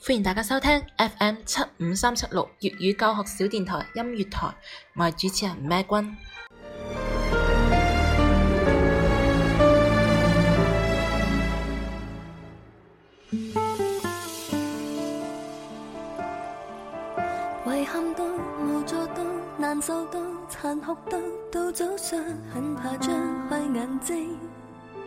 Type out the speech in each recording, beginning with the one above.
歡迎大家收聽 FM 七五三七六粵語教學小電台音樂台，我係主持人咩君。遺憾到，無助到，難受到，殘酷到，到早上很怕張開眼睛。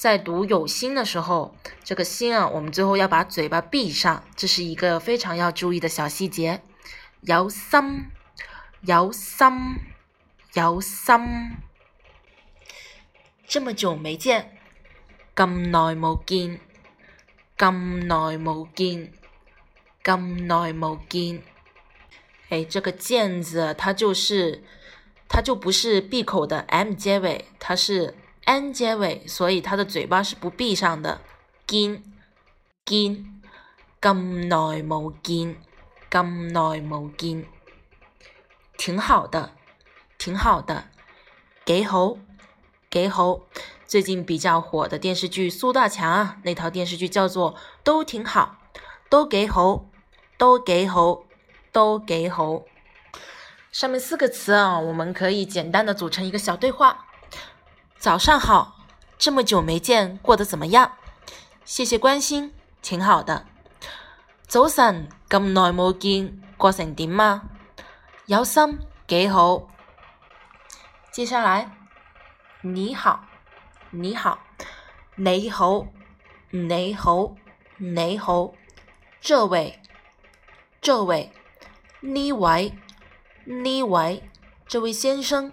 在讀有心的時候，這個心啊，我們最後要把嘴巴閉上，這是一個非常要注意的小細節。有心，有心，有心。這麼久沒見，咁耐冇見，咁耐冇見，咁耐冇見。哎，這個見字，它就是，它就不是閉口的 m 結尾，它是。N 結尾，所以他的嘴巴是不閉上的。見見，咁耐冇見，咁耐冇見，挺好的，挺好的，幾好，幾好。最近比較火的電視劇《蘇大強》啊，那套電視劇叫做都挺好，都幾好，都幾好，都幾好。上面四個詞啊，我們可以簡單的組成一個小對話。早上好，這麼久沒見，過得怎麼樣？謝謝關心，挺好的。早晨咁耐冇見，過成點啊？有心幾好。接下來，你好，你好，你好，你好，你好，這位，這位，呢位，呢位，這位先生，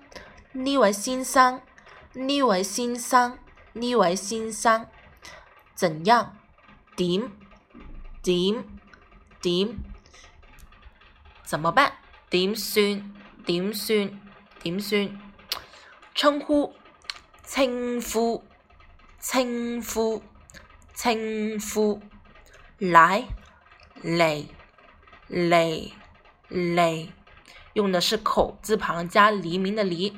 呢位先生。呢位先生，呢位先生，怎樣？點點點？怎麼辦？點算？點算？點算？稱呼？稱呼？稱呼？稱呼？黎嚟嚟嚟，用的是口字旁加黎明的黎。